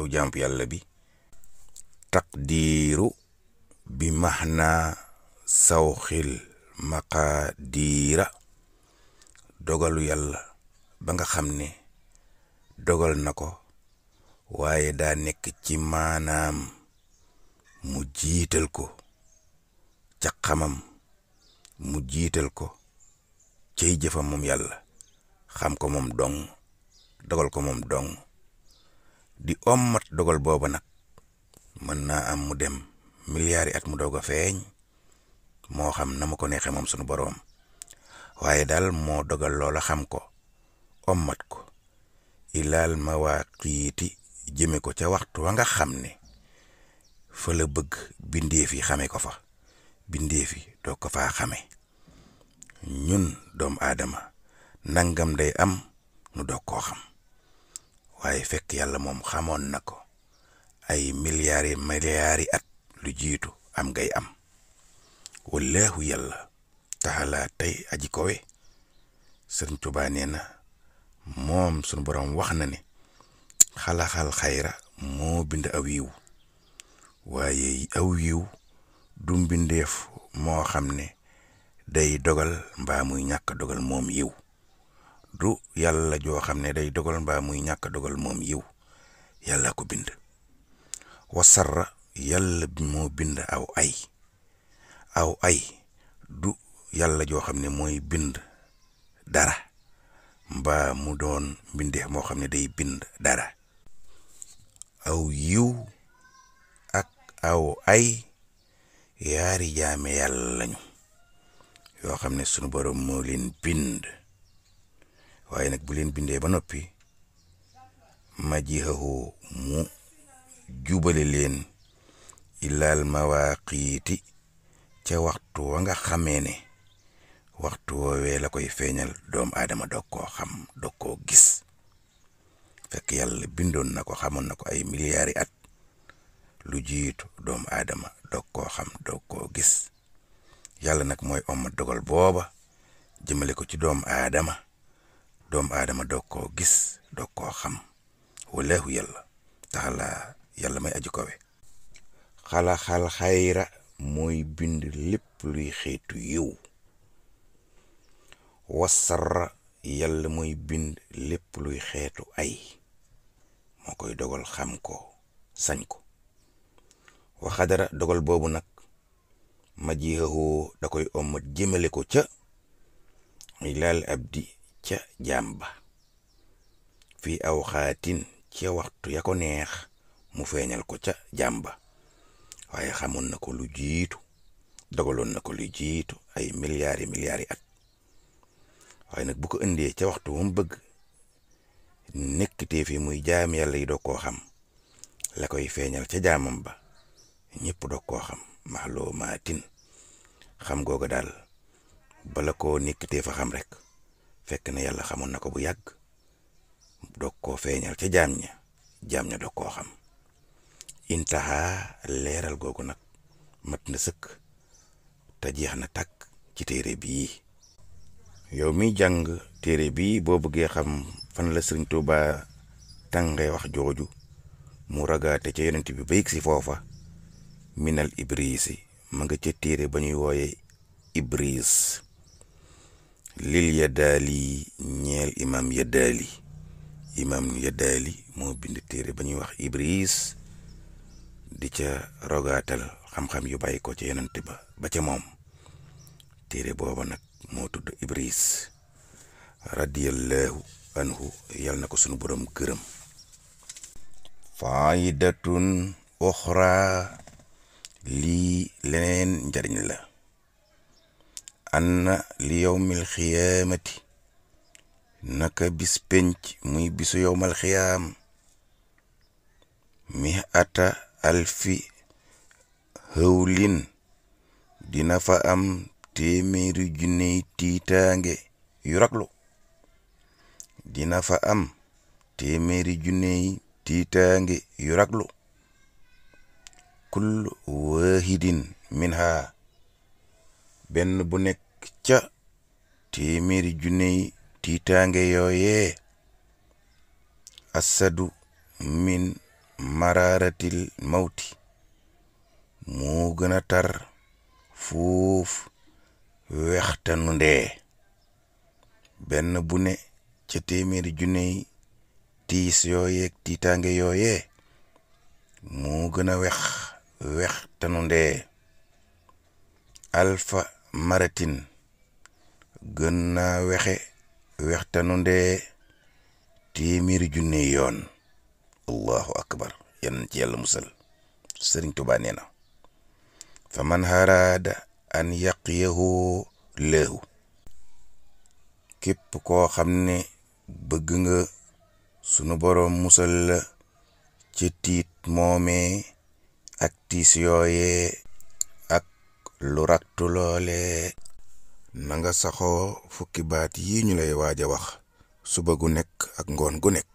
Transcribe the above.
yow jàmp yàlla bi taqdiiru bi maxna sawxil maqaadiira dogalu yàlla ba nga xam ne dogal na ko waaye daa nekk ci maanaam mu jiital ko ca xamam mu jiital ko cay jëfam moom yàlla xam ko moom dong dogal ko moom dong di ommat dogal booba nag mën naa am mu dem milliards at mu doog a feeñ moo xam na ma ko neexee moom sunu boroom waaye daal moo dogal loola xam ko ommat ko ilaal mawaaqiiti jëme ko ca waxtu wa nga xam ne fa la bëgg bindeef yi xame ko fa bindeef yi ko faa xame ñun doomu aadama nangam day am nu doog ko xam waaye fekk yàlla moom xamoon na ko ay milliards yi milliards at lu jiitu am ngay am wallaahu yàlla taxalaa tey aji kowe sëriñ Tuubaa na moom sunu borom wax na ne xalaxal xayra moo bind aw yiw waaye aw yiw du mbindeef moo xam ne day dogal mbaa muy ñàkk dogal moom yiw du yàlla joo xam ne day dogal mbaa muy ñàkk dogal moom yiw yàlla ko bind wasarra yàlla moo bind aw ay aw ay du yàlla joo xam ne mooy bind dara mbaa mu doon mbindeef moo xam ne day bind dara aw yiw ak aw ay yaari jaame yàlla lañu yoo xam ne sunu borom moo waaye nag bu leen bindee ba noppi majihahu mu jubale leen ilaal mawaaqiiti ca waxtu wa nga xamee ne waxtu woowee la koy feeñal doomu aadama dog koo koo gis fekk yàlla bindoon na ko xamoon na ko ay milliards at lu jiitu doomu aadama doog koo xam doog koo gis yàlla nag mooy omma dogal booba jëmale ko ci doomu aadama doomu aadama doog koo gis dog koo xam walaahu yàlla taxala yàlla may aju kawe xalaxal xayra mooy bind lépp luy xeetu yiw wasarra yàlla mooy bind lépp luy xeetu ay moo koy dogal xam ko sañ ko waxadara dogal boobu nag ma jiixawoo da koy ommat jëmale ko ca ilaal abdi ca jaam ba fii aw xaatin ca waxtu ya ko neex mu feeñal ko ca jaam ba waaye xamoon na ko lu jiitu dogaloon na ko lu jiitu ay milliards yi milliards waaye nag bu ko indee ca waxtu wu mu bëgg nekkitee fi muy jaam yàlla yi doo koo xam la koy feeñal ca jaamam ba ñépp doo koo xam maxloo xam googa daal bala koo nekkitee fa xam rek. fekk na yàlla xamoon na ko bu yàgg doog koo feeñal ca jaam ña jaam ña doog koo xam intaha leeral googu nag mat na sëkk te jeex na takk ci téere bii yow miy jàng téere bii boo bëggee xam fan la sëriñ Tuuba tàngee wax jooju mu ragaate ca yonent bi ba yegg si foofa minal ibrisi ma nga ca téere ba ñuy wooye lil yadaali ñeel imam yadaali imam yadaali moo bind téere ba ñuy wax ibriis di ca rogaatal xam-xam yu bàyyi ko ca yonent ba ba ca moom téere booba nag moo tudd ibriis radiyallahu anhu yal na ko sunu borom gërëm faidatun oxra lii leneen njariñ la anna li yowmil xiyaamati naka bis penc muy bisu yowmal xiyaam mi ata alfi hëwlin dina fa am téeméeri junney tiitaange yu raglu dina am téeméeri junney tiitaange yu raglu kull wahidin minha benn bu nekk ca téeméeri junney tiitaange yooyee asadu min maraaratil mawti moo gën a tar fuuf wextanu ndee benn bu ca téeméeri junney tiis yooyeeg tiitaange yooyee moo gën a wex ndee alfa maratin gën naa wexe wextanu ndee téeméeri junne yoon allahu akbar yan ci yàlla musal sëriñ tubaa nee na fa man haraada an yaqiyahu leehu képp koo xam ne bëgg nga sunu boroom musal la ci tiit ak tiis lu rattu loolee na nga saxoo fukki baat yi ñu lay waaj a wax suba gu nekk ak ngoon gu nekk